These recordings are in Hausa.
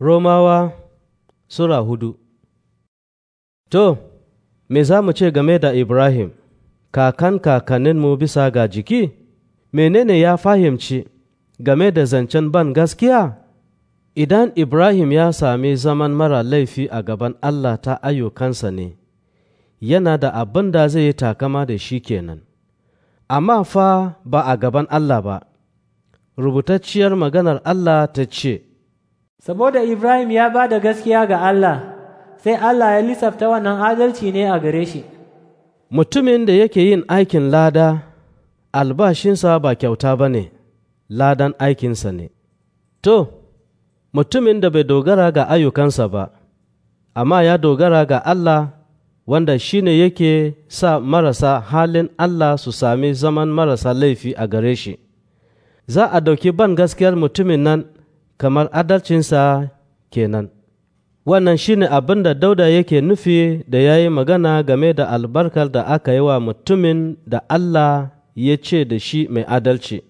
Romawa Sura hudu To, me za mu ce game da Ibrahim, kakan kakannin mu bisa ga jiki? Menene ya fahimci game da zancen ban gaskiya? Idan Ibrahim ya sami zaman mara laifi a gaban Allah ta ayyukansa ne, yana da abin da zai yi takama da shi kenan. Amma fa ba a gaban Allah ba, rubutacciyar maganar Allah ta ce, saboda Ibrahim ya ba da gaskiya ga Allah sai Allah ya lissafta wannan adalci ne a gare shi mutumin da yake yin aikin lada albashinsa ba kyauta ba ne ladan aikinsa ne to mutumin da bai dogara ga ayyukansa ba amma ya dogara ga Allah wanda shi ne yake sa marasa halin Allah su sami zaman marasa laifi a gare shi za a ɗauki ban gaskiyar mutumin nan kamar adalcinsa kenan. Wannan shi ne abin da dauda yake nufi da ya yi magana game da albarkar da aka yi wa mutumin da Allah ya ce da shi mai adalci.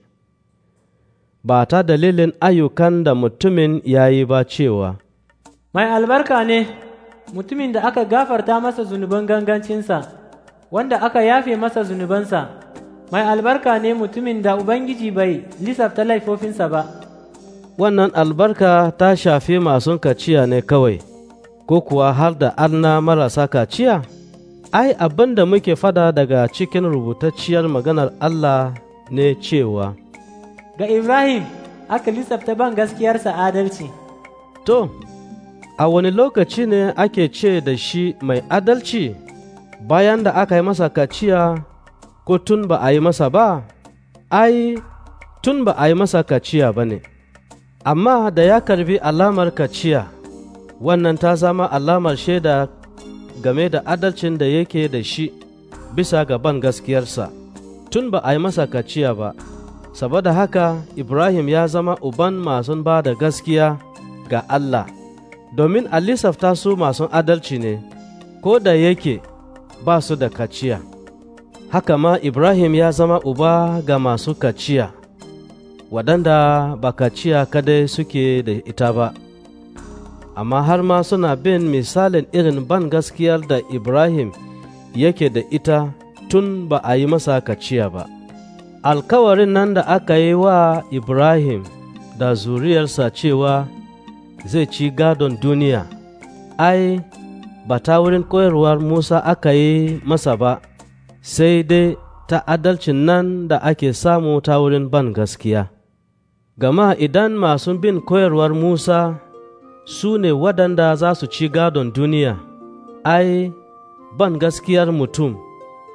Ba ta dalilin ayyukan da mutumin ya yi ba cewa, Mai albarka ne mutumin da aka gafarta masa zunuban gangancinsa, wanda aka yafe masa zunubansa, mai albarka ne mutumin da Ubangiji bai lissafta laifofinsa ba. wannan albarka ta shafi masu kaciya ne kawai, ko kuwa har da anna marasa kaciya? Ai, abin da muke fada daga cikin rubutacciyar maganar Allah ne cewa, Ga Ibrahim, aka lissafta ban gaskiyarsa adalci. To, a wani lokaci ne ake ce da shi mai adalci bayan da aka yi masa kaciya ko tun ba a yi masa ba? Ai, tun ba a yi masa kaciya ba ne. amma da ya karbi alamar kaciya wannan ta zama alamar shaida game da adalcin da yake da shi bisa gaban gaskiyarsa tun ba a yi masa kaciya ba saboda haka ibrahim ya zama uban masu ba da gaskiya ga allah domin a lissafta su masu adalci ne ko da yake ba su da kaciya haka ma ibrahim ya zama uba ga masu kaciya waɗanda ba kaciya kadai suke da ita ba amma har ma suna bin misalin irin ban gaskiyar da ibrahim yake da ita tun ba a yi masa kaciya ba alkawarin nan da aka yi wa ibrahim da zuriyarsa cewa zai ci gadon duniya ai ba ta wurin koyarwar musa aka yi masa ba sai dai ta adalcin nan da ake samu ta wurin ban gaskiya Gama idan masu bin koyarwar Musa su ne waɗanda za su ci gadon duniya, ai, ban gaskiyar mutum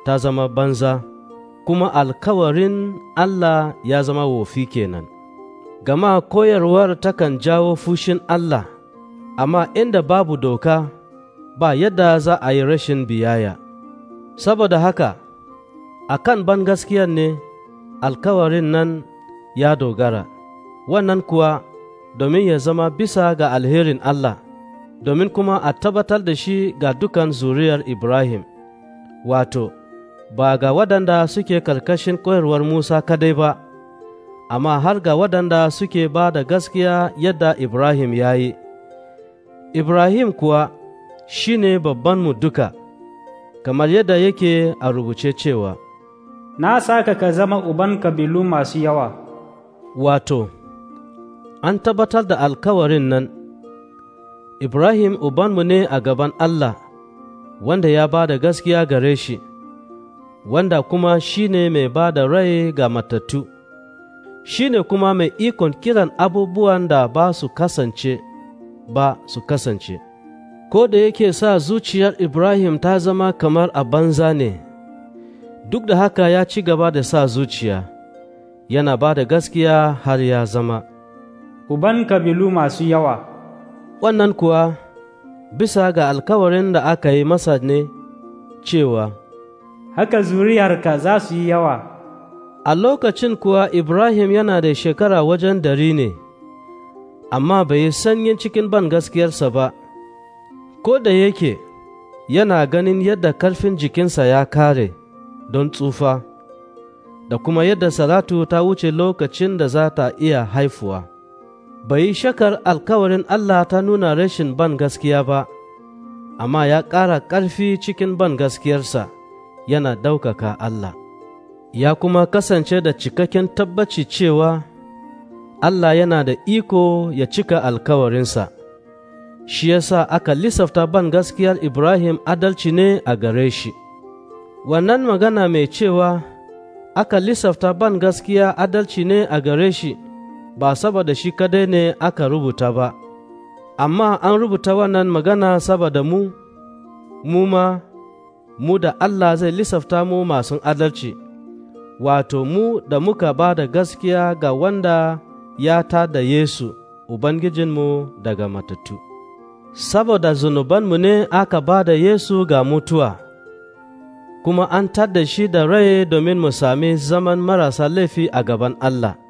ta zama banza, kuma alkawarin Allah ya zama wofi kenan. Gama koyarwar takan jawo fushin Allah, amma inda babu doka ba yadda za a yi rashin biyaya. Saboda haka, a kan ban gaskiyar ne alkawarin nan ya dogara. wannan kuwa domin ya zama bisa ga alherin Allah, domin kuma a tabbatar da shi ga dukan zuriyar Ibrahim, wato, ba ga waɗanda suke karkashin koyarwar Musa kadai ba, amma har ga waɗanda suke ba da gaskiya yadda Ibrahim ya yi. Ibrahim kuwa shi ne mu duka, kamar yadda yake a rubuce cewa, Na saka ka zama uban kabilu masu yawa. Wato, an tabbatar da alkawarin nan, Ibrahim ubanmu ne a gaban Allah, wanda ya ba da gaskiya gare shi, wanda kuma shi ne mai ba da rai ga matattu, shi ne kuma mai ikon kiran abubuwan da ba su kasance, ba su kasance. Ko da yake sa zuciyar Ibrahim ta zama kamar a banza ne, duk da haka ya ci gaba da sa zuciya, yana ba da gaskiya har ya zama. uban kabilu masu yawa. Wannan kuwa bisa ga alkawarin da aka yi masa ne cewa, Haka zuriyarka za su yi yawa. A lokacin kuwa Ibrahim yana da shekara wajen dari ne, amma bai yi sanyin cikin ban gaskiyarsa ba, ko da yake yana ganin yadda karfin jikinsa ya kare don tsufa, da kuma yadda salatu ta wuce lokacin da za ta iya haifuwa. bai yi shakar alkawarin Allah ta nuna rashin ban gaskiya ba, amma ya ƙara ƙarfi cikin ban gaskiyarsa yana ɗaukaka Allah. Ya kuma kasance da cikakken tabbaci cewa Allah yana da iko ya cika alkawarinsa, shi ya sa aka lissafta ban gaskiyar Ibrahim adalci ne a gare shi. Wannan magana mai cewa aka lissafta ban gaskiya adalci ne a gare shi. ba saboda shi kadai ne aka rubuta ba, amma an rubuta wannan magana saboda mu, mu ma, mu da Allah zai lissafta mu masu adalci, wato mu da muka ba da gaskiya ga wanda ya ta da Yesu, Ubangijinmu daga matattu. Saboda zunubanmu ne aka ba da Yesu ga mutuwa. kuma an tadda shi da rai domin mu sami zaman marasa laifi a gaban Allah.